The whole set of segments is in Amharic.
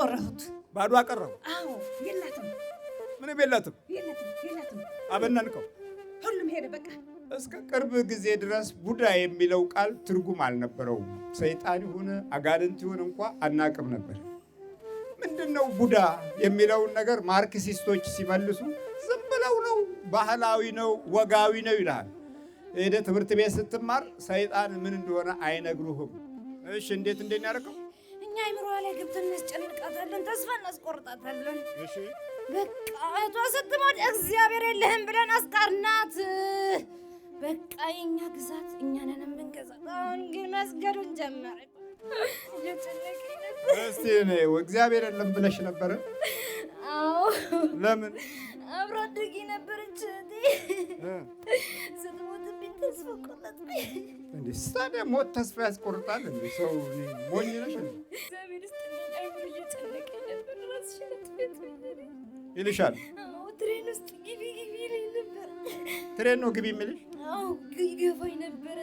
ቆረሁት። ባዶ አቀረቡ? አዎ የላትም፣ ምንም የላትም፣ የላትም። አበነንከው፣ ሁሉም ሄደ በቃ። እስከ ቅርብ ጊዜ ድረስ ቡዳ የሚለው ቃል ትርጉም አልነበረውም። ሰይጣን ይሁን አጋንንት ይሁን እንኳ አናቅም ነበር። ምንድን ነው ቡዳ የሚለውን ነገር ማርክሲስቶች ሲመልሱ ዝም ብለው ነው፣ ባህላዊ ነው፣ ወጋዊ ነው ይልሃል። ሄደ ትምህርት ቤት ስትማር ሰይጣን ምን እንደሆነ አይነግሩህም። እሺ እንዴት እንደሚያደርገው አይምሮዋ ላይ ገብተን እናስጨንቃታለን፣ ተስፋ እናስቆርጣታለን። በቃ እህቷ ስትሞት እግዚአብሔር የለህም ብለን አስቀርናት። በቃ የእኛ ግዛት እኛ ነን የምንገዛት። አሁን ግን መስገዱን ጀመረ። እስቲ እግዚአብሔር የለም ብለሽ ነበረ? አዎ። ለምን አብሮ አደጌ ነበረች ስትሞትብኝ ተስፋ ቆረጥኩኝ። እንደ ሞት ተስፋ ያስቆርጣል? እንደ ሰው ሞኝ ነሽ። ይልሻል። ትሬን ውስጥ ግቢ ግቢ ይለኝ ነበር። ትሬን ነው ግቢ የሚልሽ? አዎ ይገፋኝ ነበረ።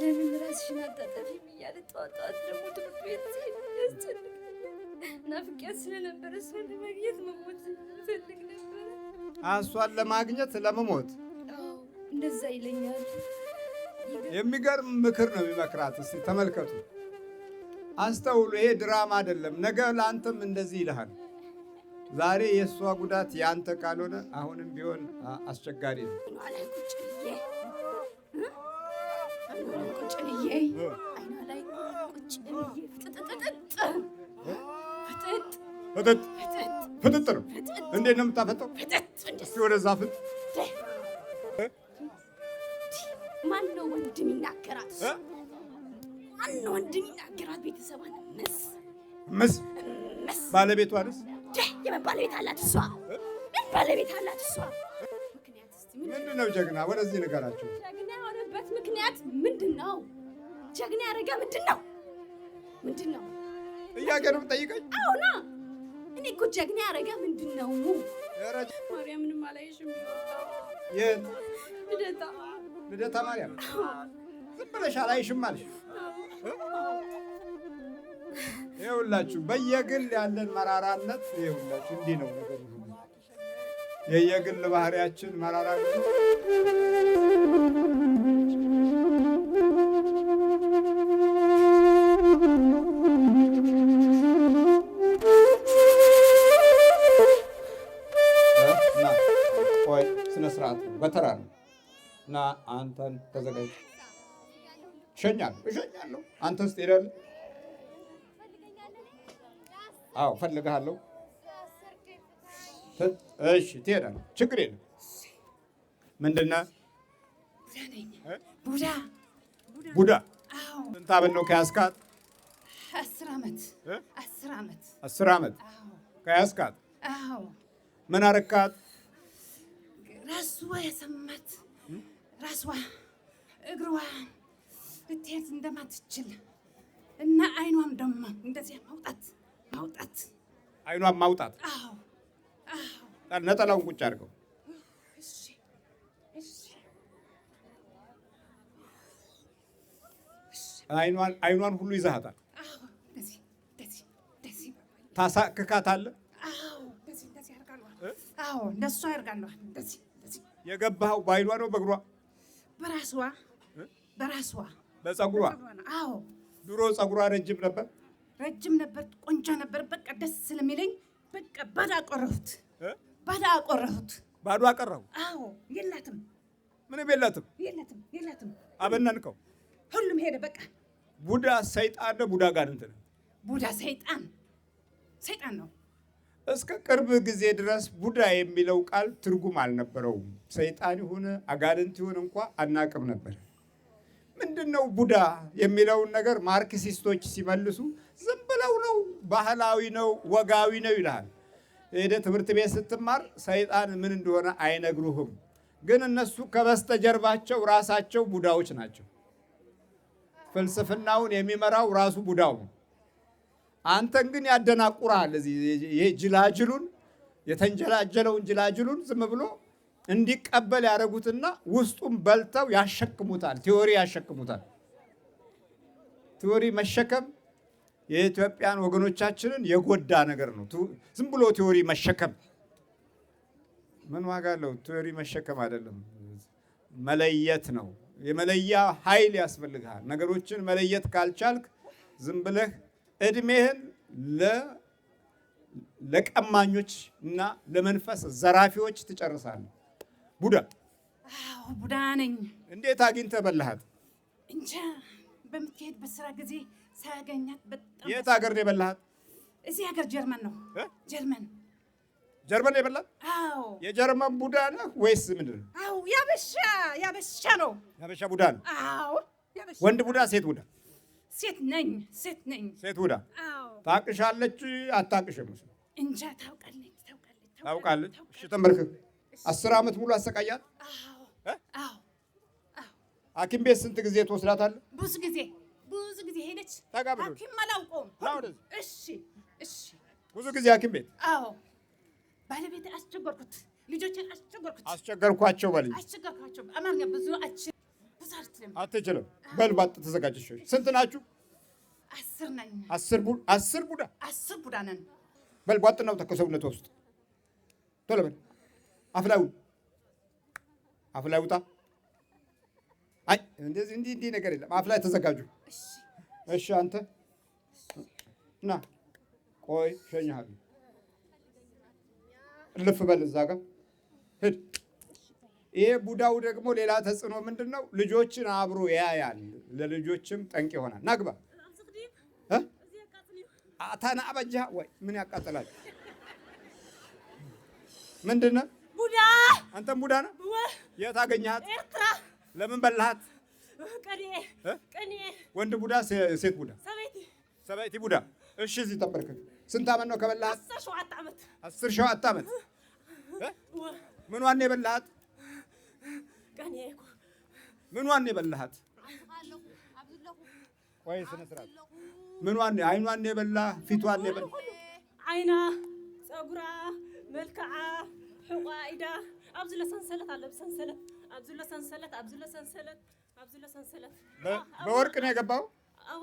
ለምን እራስሽን አታጠፊም እያለ ጠዋት ጠዋት ደግሞ ትምህርት ቤት ያስጨንቅ ናፍቂያት ስለነበረ እሱን ለማግኘት መሞት ፈልግ እሷን ለማግኘት ለመሞት እንደዛ ይለኛል። የሚገርም ምክር ነው የሚመክራት። እስቲ ተመልከቱ፣ አስተውሉ። ይሄ ድራማ አይደለም። ነገ ለአንተም እንደዚህ ይልሃል። ዛሬ የእሷ ጉዳት ያንተ ካልሆነ አሁንም ቢሆን አስቸጋሪ ነው። ፍጥጥ ፍጥጥ ነው። እንዴት ነው የምታፈጠው? ወደዛ ፍጥ ነው ወንድም ይናገራት? ነው ወንድም ይናገራት? ቤተሰብ ምስ ምስ ምስ ባለቤቷ ነስ የምን ባለቤት አላት እሷ? ምን ባለቤት አላት እሷ? ምንድን ነው ጀግና? ወደዚህ ንገራቸው። ጀግና የሆነበት ምክንያት ምንድን ነው? ጀግና ያደረገ ምንድን ነው? ምንድን ነው? እያገርም ጠይቀኝ አሁና እኔ እኮ ጀግና ያረጋ ምንድን ነው? አላየሽም? ልደታ ልደታ ማርያም ዝም ብለሽ አላየሽም ይኸውላችሁ በየግል ያለን መራራነት ይኸውላችሁ እንዲህ ነው ነገሩ። የየግል ባህሪያችን መራራ እና አንተን ተዘጋጅ። እሸኛለሁ እሸኛለሁ። አንተ ውስጥ ሄዳለሁ። አዎ ፈልግሃለሁ። እሺ ትሄዳለህ። ችግር የለም። ምንድነ ቡዳ ቡዳ። ስንት ዓመት ነው ከያዝካት? አስር አመት ከያዝካት። ምን አረካት? ራሱ የሰማት ራሷ እግሯ ብትሄድ እንደማትችል እና አይኗም ደግሞ እንደዚያ ማውጣት ማውጣት አይኗም ማውጣት። ነጠላውን ቁጭ አድርገው። አይኗን ሁሉ ይዛሃታል። አዎ። እንደዚህ እንደዚህ እንደዚህ እንደሱ አድርጋለሁ። የገባኸው በአይኗ ነው በእግሯ በራሷ በራሷ በጸጉሯ። አዎ ድሮ ጸጉሯ ረጅም ነበር፣ ረጅም ነበር፣ ቆንጆ ነበር። በቃ ደስ ስለሚለኝ በቃ ባዶ አቆረሁት፣ ባዶ አቆረሁት፣ ባዶ አቀረሁ። አዎ የላትም፣ ምንም የላትም፣ የላትም፣ የላትም። አበነንከው፣ ሁሉም ሄደ። በቃ ቡዳ ሰይጣን ነው፣ ቡዳ ጋር እንትን ቡዳ ሰይጣን ሰይጣን ነው። እስከ ቅርብ ጊዜ ድረስ ቡዳ የሚለው ቃል ትርጉም አልነበረውም። ሰይጣን ይሁን አጋንንት ይሁን እንኳ አናቅም ነበር። ምንድን ነው ቡዳ የሚለውን ነገር ማርክሲስቶች ሲመልሱ ዝም ብለው ነው፣ ባህላዊ ነው፣ ወጋዊ ነው ይልሃል። ሄደ ትምህርት ቤት ስትማር ሰይጣን ምን እንደሆነ አይነግሩህም። ግን እነሱ ከበስተጀርባቸው ራሳቸው ቡዳዎች ናቸው። ፍልስፍናውን የሚመራው ራሱ ቡዳው ነው። አንተን ግን ያደናቁራል። ጅላጅሉን የተንጀላጀለውን ጅላጅሉን ዝም ብሎ እንዲቀበል ያደረጉትና ውስጡን በልተው ያሸክሙታል። ቲዎሪ ያሸክሙታል። ቲዎሪ መሸከም የኢትዮጵያን ወገኖቻችንን የጎዳ ነገር ነው። ዝም ብሎ ቲዎሪ መሸከም ምን ዋጋ አለው? ቲዎሪ መሸከም አይደለም፣ መለየት ነው። የመለያ ኃይል ያስፈልግሃል። ነገሮችን መለየት ካልቻልክ ዝም ብለህ እድሜህን ለቀማኞች እና ለመንፈስ ዘራፊዎች ትጨርሳለህ። ቡዳ ቡዳ ነኝ። እንዴት አግኝተህ በላሃት? እንጃ በምትሄድ ስራ ጊዜ ሳያገኛት በጣም። የት ሀገር ነው የበላሃት? እዚህ ሀገር ጀርመን ነው። ጀርመን ጀርመን የበላት? አዎ። የጀርመን ቡዳ ነህ ወይስ ምንድን ነው? አዎ፣ ያበሻ ያበሻ ነው። ያበሻ ቡዳ ነው። አዎ። ወንድ ቡዳ፣ ሴት ቡዳ ሴት ነኝ ሴት ነኝ ሴት ሁዳ ታቅሻለች አታቅሽም? እንጃ ታውቃለች ታውቃለች። እሺ ተመልከክ። አስር ዓመት ሙሉ አሰቃያት። ሐኪም ቤት ስንት ጊዜ ትወስዳታለህ? ብዙ ጊዜ ብዙ ጊዜ ሄደች። ሐኪም አላውቀውም። እሺ እሺ። ብዙ ጊዜ ሐኪም ቤት። አዎ ባለቤት አስቸገርኩት፣ ልጆችን አስቸገርኩት፣ አስቸገርኳቸው በልኝ፣ አስቸገርኳቸው። አማርኛ ብዙ አችል አትችልም። በልባጥ ተዘጋጀሽ። ስንት ናችሁ? አስር ነኝ። አስር ቡዳ አስር ቡዳ አስር ቡዳ ነን። በልባጥ ነው ተከሰውነት ውስጥ ቶሎ በል። አፍላው አፍላው ውጣ። አይ እንደዚህ እንዲህ እንዲህ ነገር የለም። አፍላይ ተዘጋጁ። እሺ አንተ ና ቆይ ሸኝሃለሁ። እልፍ በል እዛ ጋር ሂድ ይሄ ቡዳው ደግሞ ሌላ ተጽዕኖ ምንድን ነው? ልጆችን አብሮ ያያል። ለልጆችም ጠንቅ ይሆናል። ናግባ አታና አበጃ ወይ ምን ያቃጥላል? ምንድን ነው ቡዳ? አንተም ቡዳ ነ? የት አገኘሃት? ኤርትራ። ለምን በላሃት? ወንድ ቡዳ፣ ሴት ቡዳ፣ ሰበይቲ ቡዳ። እሺ፣ እዚህ ጠበርክ። ስንት አመት ነው ከበላሃት? አስር ሸው አመት ዓመት። ምን ዋን የበላሃት ምኗን የበላሃት? ቆይ ስነ ስርዓት። ምኗን? አይኗን የበላ ፊቷን የበላ አይና፣ ፀጉራ፣ መልክዓ፣ ሕቋ፣ ኢዳ ኣብዚ ለሰንሰለት አለ ብሰንሰለት ኣብዚ ለሰንሰለት ኣብዚ ለሰንሰለት ኣብዚ ለሰንሰለት በወርቅ ነው የገባው።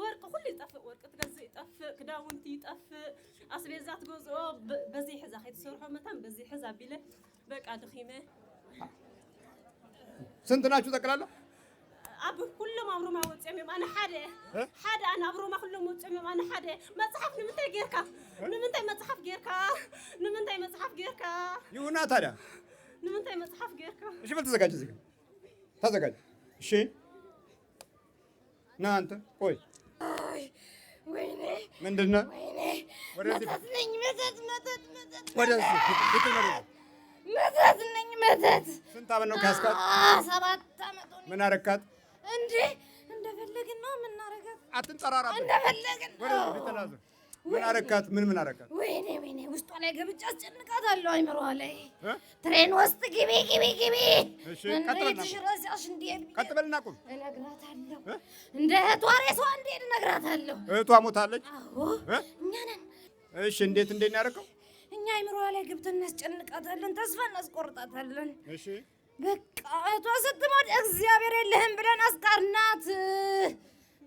ወርቅ ሁሉ ይጠፍእ፣ ወርቂ ትገዝእ ይጠፍእ፣ ክዳውንቲ ይጠፍእ፣ አስቤዛ ትገዝኦ በዚህ ሕዛ ከይትሰርሖ መታን በዚህ ሕዛ ቢለ በቃ ድኺመ ስንት ናችሁ ጠቅላላ? ኣብ ኩሎም ኣብሮማ ወፅኦም ኣነ ሓደ ሓደ ኣነ ኣብሮማ ኩሎም ወፅኦም ኣነ ሓደ መፅሓፍ ንምንታይ ጌርካ ንምንታይ መፅሓፍ ጌርካ ንምንታይ መፅሓፍ ጌርካ ይሁና ታዲያ ንምንታይ መፅሓፍ ጌርካ እሺ በል ተዘጋጅ እዚ ተዘጋጅ እሺ ና አንተ ቆይ ወይኔ ምንድን ነው ወደዚህ መተት ነኝ መተት መተት መተት ወደዚህ መተት ነኝ መተት ስንት ዓመት ነው ሰባት ዓመት ነው። ምን አረካት እንዴ? እንደፈለግን ነው የምናረጋት። አትንጠራራ። እንደፈለግን ነው። ምን አረካት? ምን ምን አረካት? ወይኔ ወይኔ፣ ውስጧ ላይ ገብቼ አስጨንቃታለሁ። አይምሯ ላይ ትሬን ውስጥ ግቢ ግቢ ግቢ። ቁም እነግራታለሁ። እንደ እህቷ ሬሷ እነግራታለሁ። እህቷ ሞታለች። እሺ፣ እንዴት እኛ አይምሮ ላይ ግብተን እናስጨንቃታለን፣ ተስፋ እናስቆርጣታለን። እሺ በቃ እህቷ ስትሞት እግዚአብሔር የለህም ብለን አስቀርናት።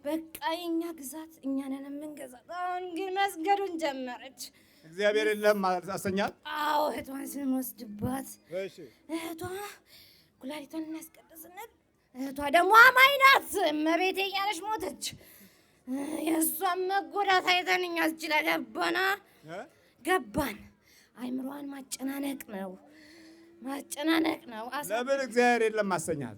በቃ የእኛ ግዛት እኛ ነን የምንገዛት። አሁን ግን መስገዱን ጀመረች። እግዚአብሔር የለም ማለት አሰኛል። አዎ እህቷን ስንወስድባት እህቷ ኩላሊቷን እናስቀድስነት። እህቷ ደግሞ አማኝ ናት። እመቤቴ እያለች ሞተች። የእሷን መጎዳት አይተን እኛ ስችላ ገባና ገባን አይምሯን ማጨናነቅ ነው ማጨናነቅ ነው። ለምን እግዚአብሔር የለም ማሰኛት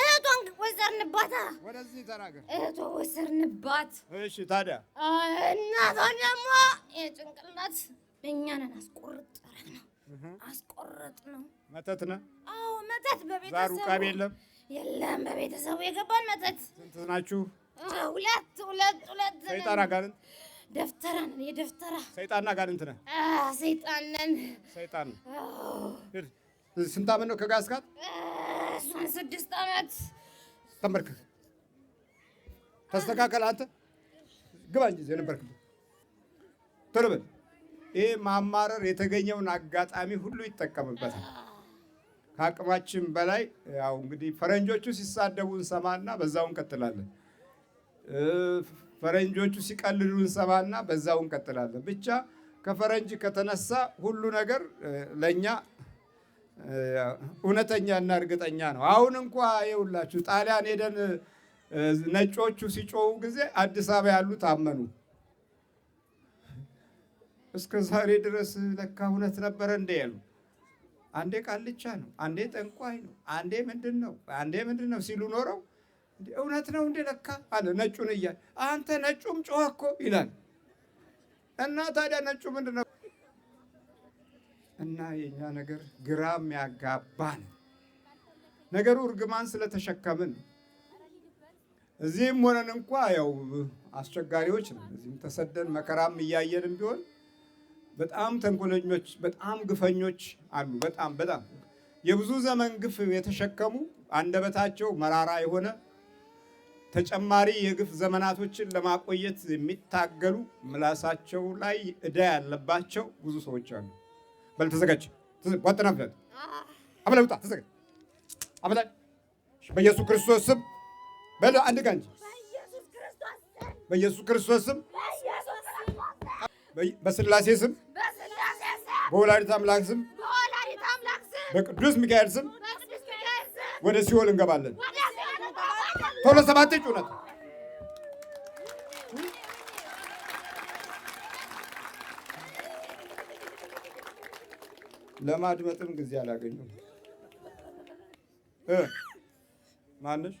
እህቷን ወሰርንባታ፣ ወደዚህ ተናገር። እህቷ ወሰርንባት። እሺ ታዲያ እናቷን ደግሞ የጭንቅላት እኛንን አስቆርጥ ነው አስቆርጥ ነው። መተት ነው። አዎ መተት በቤተሰቡ ዛሩ የለም የለም። በቤተሰቡ የገባን መተት ስንት ናችሁ? ሁለት ሁለት ሁለት ሰይጣን አጋንንት ደፍተራ ነን። የደፍተራ ሰይጣንና ጋንንት ሰይጣን ነን። ሰይጣን ስንት ዓመት ነው ከጋዝ ጋር? እሷን ስድስት ዓመት ተንበርክክ፣ ተስተካከል። አንተ ግባ እንጂ የነበርክበት ቶሎ በል። ይህ ማማረር የተገኘውን አጋጣሚ ሁሉ ይጠቀምበታል። ከአቅማችን በላይ ያው እንግዲህ ፈረንጆቹ ሲሳደቡ እንሰማና በዛው እንቀጥላለን። ፈረንጆቹ ሲቀልዱ እንሰማና በዛው እንቀጥላለን። ብቻ ከፈረንጅ ከተነሳ ሁሉ ነገር ለእኛ እና እርግጠኛ ነው። አሁን እንኳ የሁላችሁ ጣሊያን ሄደን ነጮቹ ሲጮሁ ጊዜ አዲስ አበባ ያሉት አመኑ። እስከ ዛሬ ድረስ ለካ እውነት ነበረ እንደ ያሉ አንዴ ቃልቻ ነው፣ አንዴ ጠንቋይ ነው፣ አንዴ ምንድን ነው፣ አንዴ ምንድን ነው ሲሉ ኖረው እውነት ነው እንደ ለካ አለ ነጩን እያል አንተ ነጩም ጮኸ እኮ ይላል። እና ታዲያ ነጩ ምንድን ነው? እና የኛ ነገር ግራ ያጋባን ነገሩ እርግማን ስለተሸከምን እዚህም ሆነን እንኳ ያው አስቸጋሪዎች ነው። እዚህም ተሰደን መከራም እያየንም ቢሆን በጣም ተንኮለኞች፣ በጣም ግፈኞች አሉ። በጣም በጣም የብዙ ዘመን ግፍ የተሸከሙ አንደበታቸው መራራ የሆነ ተጨማሪ የግፍ ዘመናቶችን ለማቆየት የሚታገሉ ምላሳቸው ላይ እዳ ያለባቸው ብዙ ሰዎች አሉ። በል ተዘጋጅ፣ ዋጥና ፍለት አበላ ውጣ፣ ተዘጋጅ አበላ። በኢየሱስ ክርስቶስ ስም በል አንድ ጋር እንጂ በኢየሱስ ክርስቶስ ስም በስላሴ ስም በወላዲት አምላክ ስም በቅዱስ ሚካኤል ስም ወደ ሲኦል እንገባለን። ቶሎ ሰባቴ ጩነት ለማድመጥም ጊዜ አላገኘሁም። ማነሽ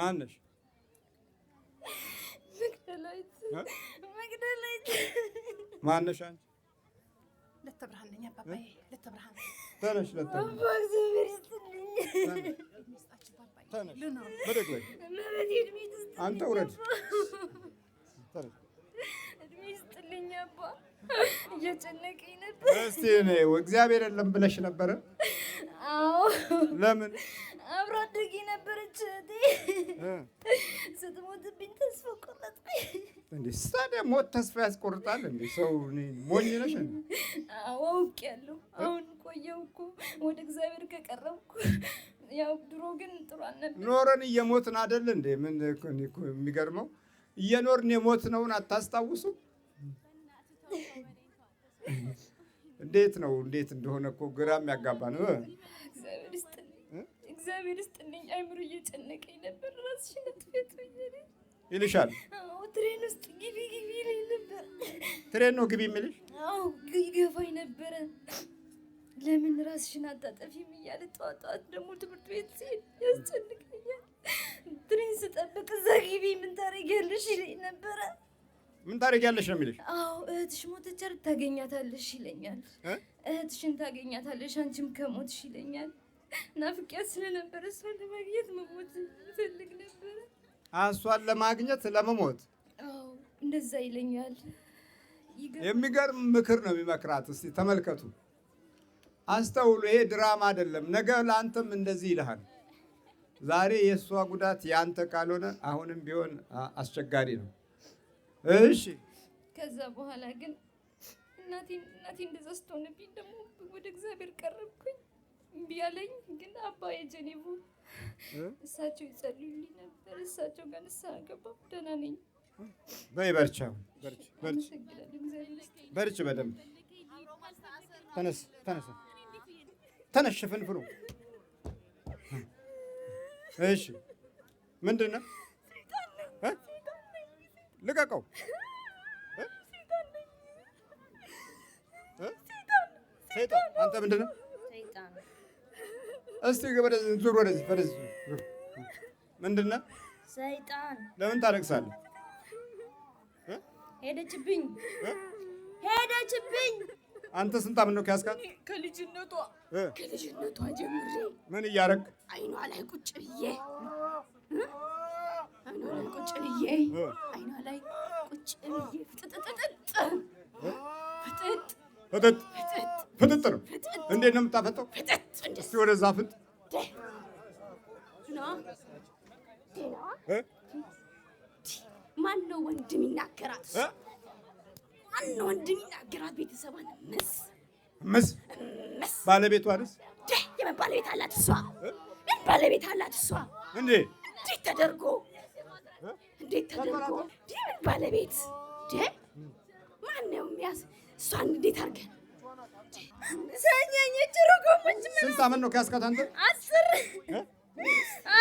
ማነሽ? ማነሽ? አንቺ ለተብርሃን ነኝ አባባዬ፣ ተነሽ፣ ለተብርሃን አንተ ውረድ። እድሜ ይስጥልኝ አባ፣ እየጨነቀኝ ነበር። እስቲ እግዚአብሔር የለም ብለሽ ነበረ? አዎ። ለምን አብሮ አደጌ የነበረች እህቴ ስትሞትብኝ ተስፋ ቆረጥኩኝ። እንደ ታዲያ ሞት ተስፋ ያስቆርጣል እንዴ? ሰው ሞኝ ነሽ? አዎ አውቄያለሁ። አሁን ቆየው እኮ ወደ እግዚአብሔር ከቀረብኩ። ያው ድሮ ግን ጥሩ አልነበረ። ኖረን እየሞትን አይደል እንዴ? ምን የሚገርመው እየኖርን የሞት ነውን አታስታውሱ? እንዴት ነው እንዴት እንደሆነ እኮ ግራ የሚያጋባ ነው። አይምሮ እየጨነቀኝ ነበር። ራስሽን ትፈቱ ይልሻል። ትሬን ውስጥ ግቢ ግቢ ይለኝ ነበር። ትሬን ነው ግቢ የሚልሽ? አዎ ይገፋኝ ነበረ። ለምን ራስሽን አታጠፊም እያለ ጠዋት ጠዋት ደግሞ ትምህርት ቤት ሲሄድ ያስጨንቀኛል። ትሬን ስጠብቅ እዛ ግቢ ምን ታደርጊያለሽ ይለኝ ነበረ። ምን ታደርጊያለሽ ነው የሚልሽ? አዎ እህትሽ ሞተች አይደል? ታገኛታለሽ ይለኛል። እህትሽን ታገኛታለሽ አንቺም ከሞትሽ ይለኛል። ናፍቂያት ስለነበረ እሷን ለማግኘት መሞት ፈልግ ነበረ። እሷን ለማግኘት ለመሞት እንደዛ ይለኛል። የሚገርም ምክር ነው የሚመክራት። እስቲ ተመልከቱ፣ አስተውሉ። ይሄ ድራማ አይደለም። ነገ ለአንተም እንደዚህ ይልሃል። ዛሬ የእሷ ጉዳት የአንተ ካልሆነ አሁንም ቢሆን አስቸጋሪ ነው። እሺ። ከዛ በኋላ ግን እናቴ እናቴ እንደዛ ስትሆንብኝ ደግሞ ወደ እግዚአብሔር ቀረብኩኝ። እምቢ አለኝ። ግን አባ የጀኔቡ እሳቸው ይጸልዩልኝ ነበር። እሳቸው ጋር ንስሐ ገባሁ። ደህና ነኝ። በይ ተነስ፣ ተነስ፣ ተነሽ ፍንፍሉ። እሺ፣ ምንድን ነው ልቀቀው። ሰይጣን አንተ ምንድን ነው? እስቲ ግበረዝ ዙር፣ ወደዚህ ፈረዝ። ምንድን ነው ሰይጣን? ለምን ታለቅሳለህ? ሄደችብኝ፣ ሄደችብኝ። አንተ ስንት ዓመት ነው ያስካት? ከልጅነቷ ከልጅነቷ ጀምሬ ምን እያደረግ አይኗ ላይ ቁጭ ብዬ አይኗ ላይ ቁጭ ብዬ አይኗ ላይ ቁጭ ብዬ ፍጥጥ ፍጥጥ ፍጥጥ ነው። እንዴት ነው የምታፈጠው? እስኪ ወደዛ ፍጥ ማን ነው ወንድም ይናገራት? ማን ነው ወንድም ይናገራት? ቤተሰቧን ምስ ምስ ምስ ባለቤቷንስ የምን ባለቤት አላት እሷ? ምን ባለቤት አላት እሷ? እንዴ እንዴት ተደርጎ እንዴት ተደርጎ ምን ባለቤት ማን ነው የሚያስ እሷን እንዴት አድርገን ሰኛኘች ሮጎመች ስንት ዓመት ነው ከያዝካት አንተ? አስር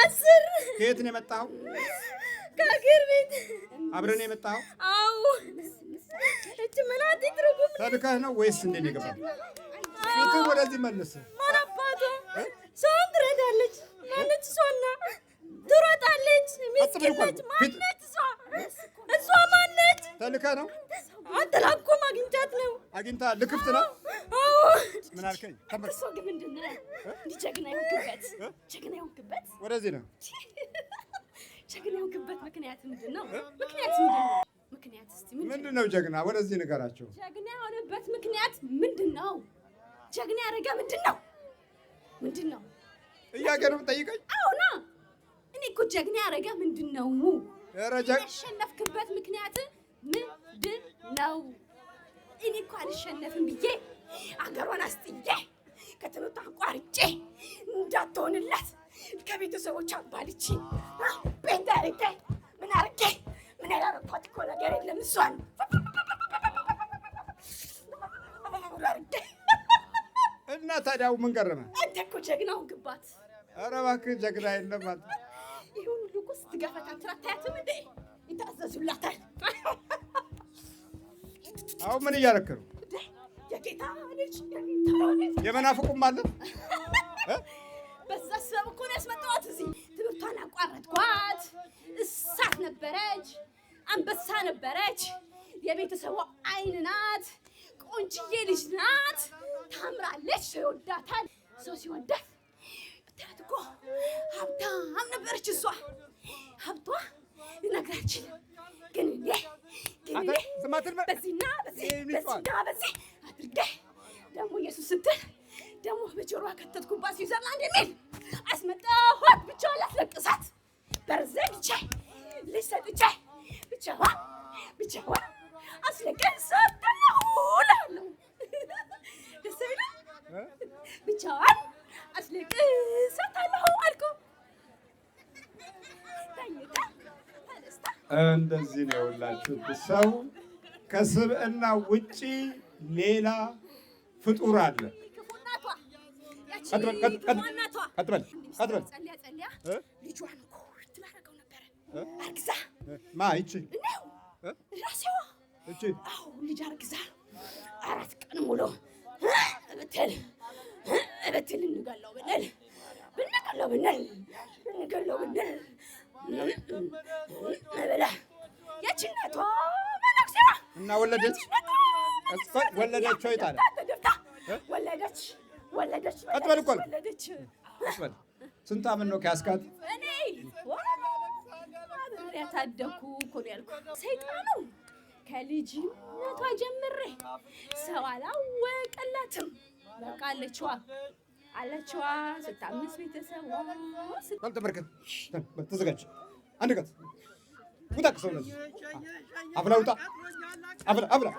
አስር ከየት ነው የመጣኸው? ከአገር ቤት አብረን ነው አዎ እች ምናጢት ርጉም ሰብከህ ነው ወይስ እንዴት ነው የገባህ? ፊቱ ወደዚህ መልስ። ማን አባቱ ሰውን ትረዳለች ማነች እሷና ትሮጣለች። ምስኪነች። ማነች እሷ? እሷ ማነች? ተልካ ነው አጠላቆ አግኝቻት ነው አግኝታ ልክፍት ነው። ምን አልከኝ? እሷ ግን ምንድን ነው እንዲህ ጀግና የሆንክበት ጀግና የሆንክበት ወደዚህ ነው ጀግና የሆንክበት ምክንያት ምንድን ነው? ምክንያት ምንድን ነው? ምክንያት እስኪ ምንድን ነው? ጀግና ወደዚህ ንገራቸው። ጀግና የሆነበት ምክንያት ምንድን ነው? ጀግና ያደረገ ምንድን ነው? ምንድን ነው? ጥያቄ ነው የምጠይቀኝ? አዎ ና እኔ እኮ ጀግና ያደረገ ምንድን ነው ያሸነፍክበት ምክንያት ምንድን ነው? እኔ እኮ አልሸነፍም ብዬ አገሯን አስጥዬ ከትምህርቷ አቋርጬ እንዳትሆንላት ከቤተሰቦች አባልቼ ቤት አርጌ ምን አርጌ ምን ያላረኳት እኮ ነገር የለም። እሷን እና ታዲያው ምን ገረመ? አንተ እኮ ጀግናውን ግባት። ኧረ እባክህ ጀግና የለም ስትገፈታትር አታያትም እንዴ? ይታዘዙላታል። አሁን ምን እያደረክ ነው? የጌታ ልጅ የመናፍቁም አለ በዛ እኮ ነው ያስመጣኋት እዚህ። ትምህርቷን አቋረጥኳት። እሳት ነበረች፣ አንበሳ ነበረች፣ የቤተሰቡ አይን ናት፣ ቆንጅዬ ልጅ ናት፣ ታምራለች፣ ሰው ይወዳታል። ሰው ሲወዳት እኮ ሀብታም ነበረች እሷ ሀብቷ ልነግራችሁ ግን ግን በዚህና በዚህና በዚህ ደግሞ ኢየሱስ ስትል ደግሞ በጆሮዋ ከተትኩባት አስመጣኋት ብቻ ለዚህ ነው የውላችሁ ሰው ከስብዕና ውጪ ሌላ ፍጡር አለ። ልጅ አርግዛ አራት ቀን ሙሉ እንገለው ብንል ብንገለው ብንል ብንል ብላ እና ወለደች ወለደች ወይ ታዲያ ወለደች ወለደች እኮ ስንት ዓመት ነው ከያስካት? እኔ እኮ ነው ያልኩት። ሰይጣኑ ከልጅነቷ ጀምሬ ሰው አላወቀላትም። በቃ አለችዋ አለችዋ ስታምስ ተዘጋጅ አንድ ቀት ውጣ ከሰውነት አፍላ ውጣ አፍላ አፍላ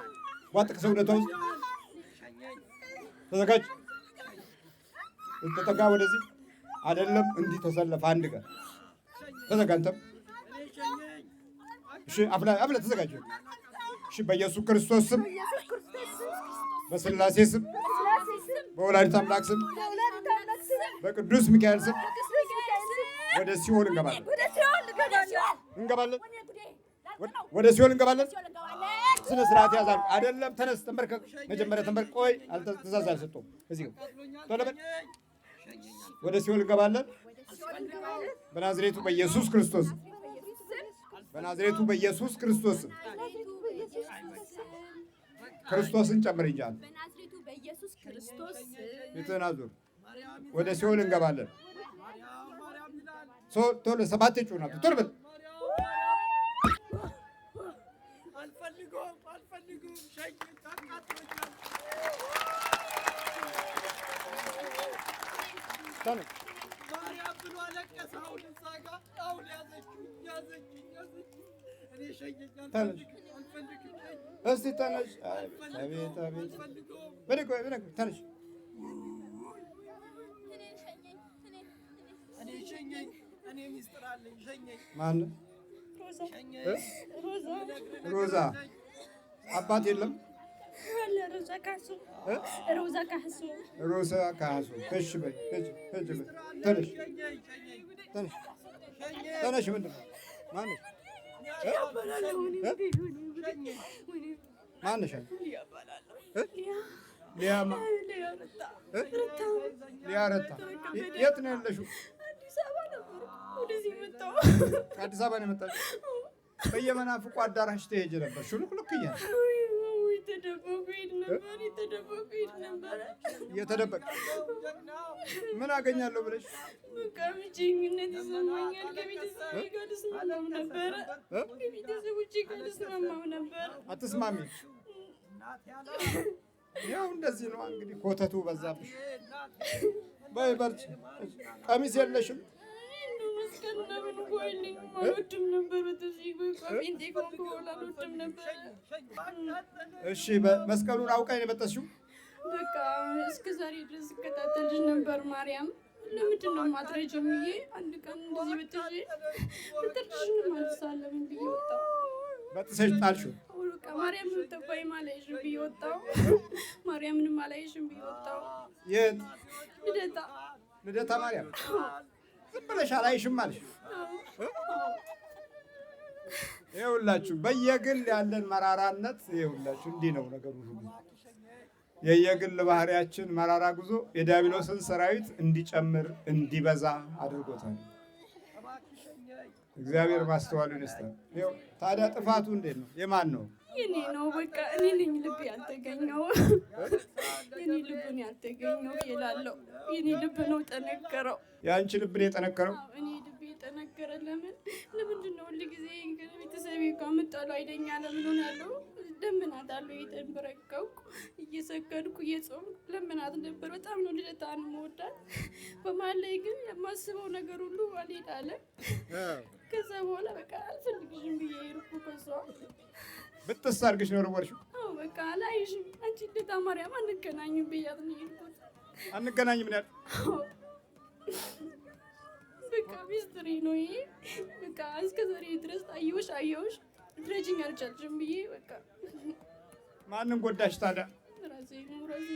ዋጥ ከሰውነቷ ውስጥ ተዘጋጅ ተጠጋ ወደዚህ አይደለም እንዲህ ተሰለፈ አንድ ቀን ተዘጋጅተም እሺ አፍላ አፍላ ተዘጋጅ እሺ በኢየሱስ ክርስቶስ ስም በስላሴ ስም በወላዲተ አምላክ ስም በቅዱስ ሚካኤል ስም ወደ ሲኦል እንገባለን እንገባለን ወደ ሲኦል እንገባለን። ስነ ስርዓት ያዛል አይደለም። ተነስ ተንበርከክ። መጀመሪያ ተንበርክ። ቆይ ትእዛዝ አልሰጡም። እዚህ ወደ ሲኦል እንገባለን። በናዝሬቱ በኢየሱስ ክርስቶስ በናዝሬቱ በኢየሱስ ክርስቶስ ክርስቶስን ጨምር ይጃል አዙር። ወደ ሲኦል እንገባለን። ቶሎ ሰባት ጩና ቶሎ ማርያም ብሎ አለቀሰ። አሁን እዛ ጋር አሁን ያዘችኝ ያዘችኝ ያዘችኝ እኔ ሸኘኛል አልፈልግም። እስቲ ተነሽ። አቤት አቤት ብድግ በይ ብድግ ተነሽ። እኔ ሮዛ። አባት የለም ሮዛ ካሱ እሺ በይ እሺ በይ ተነሽ ተነሽ ምንድን ነው ማነሽ ማነሽ ሊያማ ሊያ ረታ የት ነው ያለሽው አዲስ አበባ ነው የመጣችው በየመናፍቁ አዳራሽ ትሄጂ ነበር ሹልክ ልክ እያለ እየተደበቁ ነበር፣ እየተደበቁ ሄድ ነበር። እየተደበቀ ምን አገኛለሁ ብለሽ ይሰማኛል። ጋር ነበረ፣ ከቤተሰቦቼ ጋር ነበር። አትስማሚ። ያው እንደዚህ ነው እንግዲህ፣ ኮተቱ በዛብሽ። በይ በርቺ። ቀሚስ የለሽም ለምን ኮይልኝ አልወድም ነበር። በዚህ ጴንጤ ከሆንኩ በኋላ አልወድም ነበር። እሺ መስቀሉን አውቃ ነው የመጣሽው? በቃ እስከ ዛሬ ድረስ እከታተልሽ ነበር ማርያም። ለምንድን ነው ማትረጂው? ብዬ አንድ ቀን እንደዚህ በጥሽ በጥርሽን ማልሳለምን ብዬ ወጣሁ። በጥሰሽ ጣልሽው። በቃ ማርያም ምጠባይ ማላይሽም ብዬ ወጣሁ። ማርያምንም አላይሽም ብዬ ወጣሁ። የት ልደታ ልደታ ማርያም ዝም ብለሽ አላይሽም አልሽ። ይኸውላችሁ በየግል ያለን መራራነት ይኸውላችሁ እንዲህ ነው ነገሩ። የየግል ባህሪያችን መራራ ጉዞ የዲያብሎስን ሰራዊት እንዲጨምር እንዲበዛ አድርጎታል። እግዚአብሔር ማስተዋሉን ይስጠን። ታዲያ ጥፋቱ እንዴት ነው? የማን ነው? የኔ ነው በቃ እኔ ነኝ ልብ ያልተገኘው የኔ ልብን ያልተገኘው ይላለው። የኔ ልብ ነው ጠነከረው። የአንቺ ልብን የጠነከረው እኔ ልብ የጠነከረ ለምን ለምንድን ነው ሁል ጊዜ ቤተሰብ ከምጣሉ አይደኛ ለምን ሆናለሁ ለምናት አሉ የተንበረከኩ እየሰገድኩ እየጾም ለምናት ነበር። በጣም ነው ልደታን መወዳት። በመሀል ላይ ግን የማስበው ነገር ሁሉ አልሄድ ከዛ በኋላ በቃ አልፈልግሽም ብዬ ሄድኩ ከሷ ብጥስ አድርግሽ ነው ወርወርሽ። በቃ አላይሽም። አንቺ ልታ ማርያም አንገናኝም ብያት ነው ይልኩት። አንገናኝም ምን ያል በቃ ሚስጥሪ ነው ይሄ። በቃ እስከ ዛሬ ድረስ አየሁሽ አየሁሽ ድረጅኝ አልቻልሽም ብዬ በቃ ማንን ጎዳሽ ታዲያ ራሴ ነው ራሴ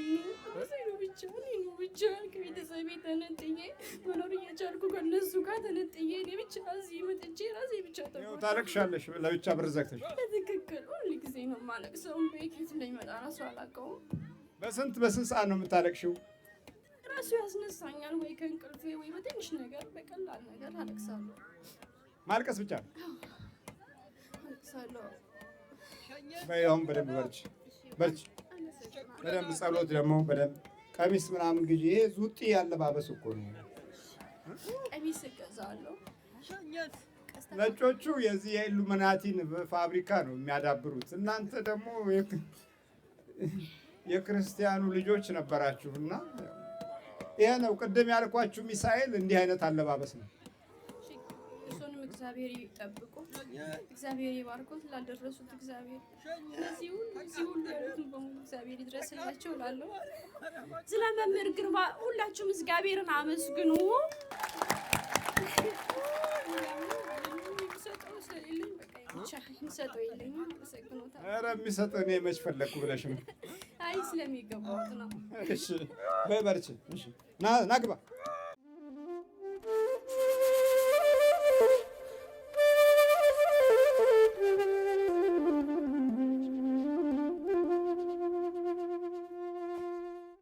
ነው ይኖራቸዋል ይኖሩ ይቻል ከቤተሰቤ ተነጥዬ መኖር እየቻልኩ ከነሱ ጋር ተነጥዬ እኔ ብቻ እዚህ መጥቼ ራሴ ብቻ ታለቅሻለሽ። ለብቻ ብር ዘግተሽ በትክክል ሁሉ ጊዜ ነው የማለቅሰው። ቤት እንደሚመጣ ራሱ አላውቀውም። በስንት በስንት ሰዓት ነው የምታለቅሽው? ራሱ ያስነሳኛል ወይ ከእንቅልፌ ወይ በትንሽ ነገር በቀላል ነገር አለቅሳለሁ። ማልቀስ ብቻ አለቅሳለሁ። በይ አሁን በደንብ በርቺ በርቺ በደንብ ጸሎት ደግሞ በደንብ ቀሚስ ምናምን ግዢ። ይሄ ዙጢ ያለባበስ እኮ ነው። ቀሚስ እገዛለሁ። ነጮቹ የዚህ የኢሉሚናቲን ፋብሪካ ነው የሚያዳብሩት። እናንተ ደግሞ የክርስቲያኑ ልጆች ነበራችሁ እና ይሄ ነው ቅድም ያልኳችሁ። ሚሳኤል እንዲህ አይነት አለባበስ ነው። እግዚአብሔር ይጠብቁ፣ እግዚአብሔር ይባርኮት። ላልደረሱት እግዚአብሔር እዚህ ሁሉ ያሉትን በሙሉ እግዚአብሔር ይድረስላቸው እላለሁ። ስለ መምህር ግርማ ሁላችሁም እግዚአብሔርን አመስግኑ። ኧረ የሚሰጠው እኔ መች ፈለግኩ ብለሽ ነው? አይ ስለሚገባት ነው። በይ በርቺ፣ ና ግባ